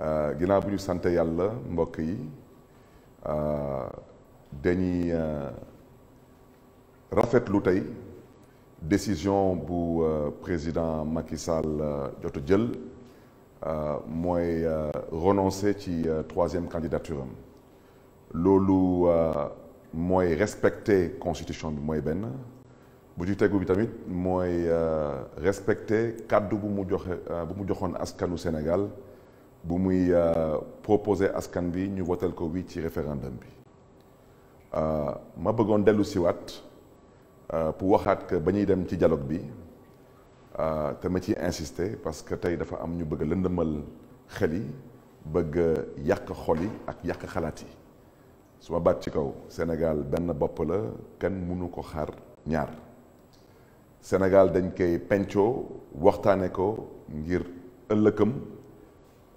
Euh, ginnaaw bu ñu sant yàlla mbokk yi euh, dañuy euh, rafetlu tey décision bu président Macky Sall jot a jël mooy renoncer ci troisième candidature am loolu mooy respecter constitution bi mooy benn bu ci tegu bi tamit mooy respecter cadre bu mu joxe bu mu joxoon askanu Sénégal bu muy euh, proposer askan bi ñu votel ko wii ci référendum bi euh, ma bëggoon dellu siwaat euh, pour waxaat que ba ñuy dem ci dialogue bi te ma ciy insister parce que tey dafa am ñu bëgg lëndëmal xel yi bëgg yàq xol yi ak yàq xalaat yi su ma baat ci kaw Sénégal benn bopp la kenn mënu ko xaar ñaar Sénégal dañ koy pencoo waxtaane ko ngir ëllëkam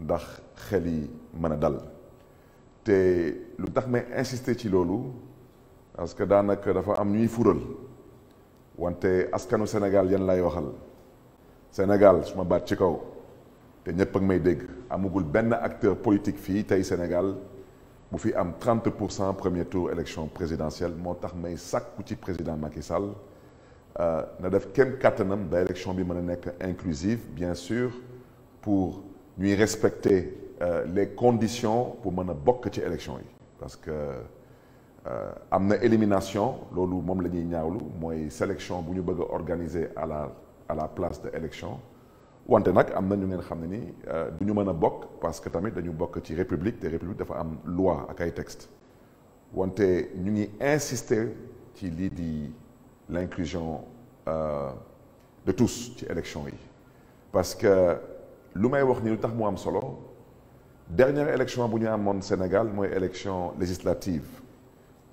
ndax xel yi mën a dal te lu tax may insister ci loolu parce que daanaka dafa am ñuy fural wante askanu Sénégal yan lay waxal Sénégal su ma baat ci kaw te ñëpp ak may dégg amugul benn acteur politique fii tey Sénégal bu fi am 30 pour cent premier tour élection présidentielle moo tax may sakku ci président Macky Sall euh, na def kenn kàttanam ba élection bi mën a nekk inclusive bien sûr pour nous respecter euh, les conditions pour mën a bok ci élection yi parce que euh, élimination, élimination loolu mom lañuy ñaawlu moy sélection bu ñu bëgg organiser à la à la place de élection wante nak amna ñu ngeen xam ne ni euh, du ñu parce que tamit dañu bok ci république té république dafa am loi ak ay texte wante ñu ngi insister ci li di l'inclusion euh, de tous ci élection yi parce que lu may wax ni tax am solo dernière élection bu ñu amoon Sénégal mooy élection législative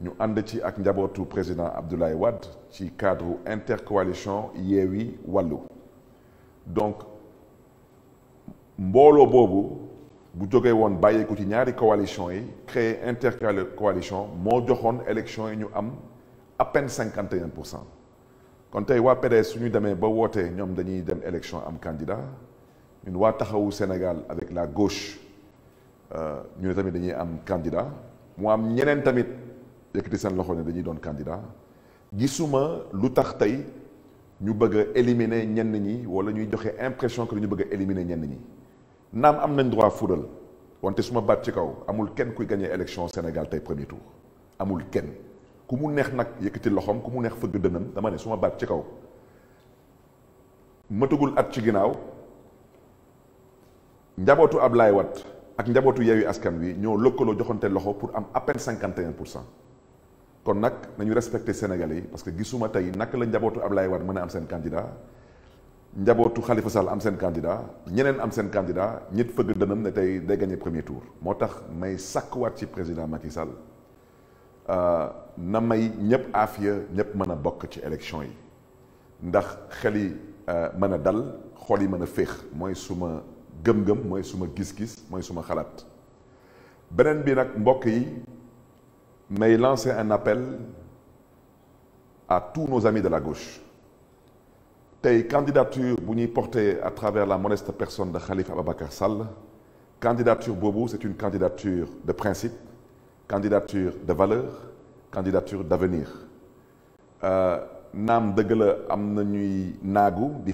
ñu ànd ci ak njabootu président Abdoulaye Wade ci cadre intercoalition Yewi Wallo. donc mbooloo boobu bu jógee woon bàyyeeku ci ñaari coalition yi créer intercoalition moo joxoon élection yi ñu am à peine 51%. Quand un pour cent kon tey waa PDS su ba dem élection am candidat ñun waa taxawu Sénégal avec la gauche euh, ñu ne tamit dañuy am candidat mu am ñeneen tamit yëkkati seen loxo ne dañuy doon candidat gisuma lu tax tey ñu bëgg éliminer ñenn ñi wala ñuy joxe impression que ñu bëgg éliminer ñenn ñi naam am nañ droit fural wante suma ma baat ci kaw amul kenn kuy gagné élection Sénégal premier tour amul kenn ku mu neex nag yëkkati loxoom ku mu neex fëgg dënam dama ne su ma ci kaw at ci njabootu Ablaye Wade ak njabootu Yewwi Askan Wi ñoo lëkkaloo joxonté loxo pour am à peine 51 kon nak nañu respecter Sénégalais parce que gisuma tay nak la njabootu Ablaye Wade mëna am sen candidat njabootu Khalifa Sall am sen candidat ñeneen am sen candidat ñet fëgg dënam né tay day gagner premier tour Motax may sakku wat ci président Macky Sall Euh na may ñep afia ñep mëna a bokk ci élection yi ndax xel euh mëna dal xoli mëna mën moy suma gëm-gëm mooy suma gis-gis mooy suma xalaat beneen bi nag mbokk yi un appel à tous nos amis de la gauche tey candidature bu ñuy porter à travers la modeste personne de Khalifa Ababacar Sall candidature Bobo, c'est une candidature de principe candidature de valeur candidature d'avenir euh, naam dëgg la am na ñuy di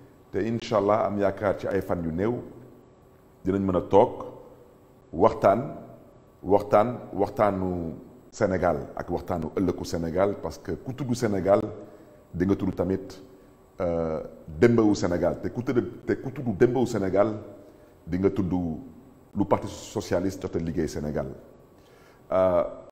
te incha allah am yaakaar ci ay fan yu néew dinañ mën a toog waxtaan waxtaan waxtaanu Sénégal ak waxtaanu ëllëgu Sénégal parce que ku tudd Sénégal di nga tudd tamit euh, démbawu Sénégal te ku tudd te démbawu Sénégal di nga tudd lu parti socialiste jot liggéey Sénégal. Euh,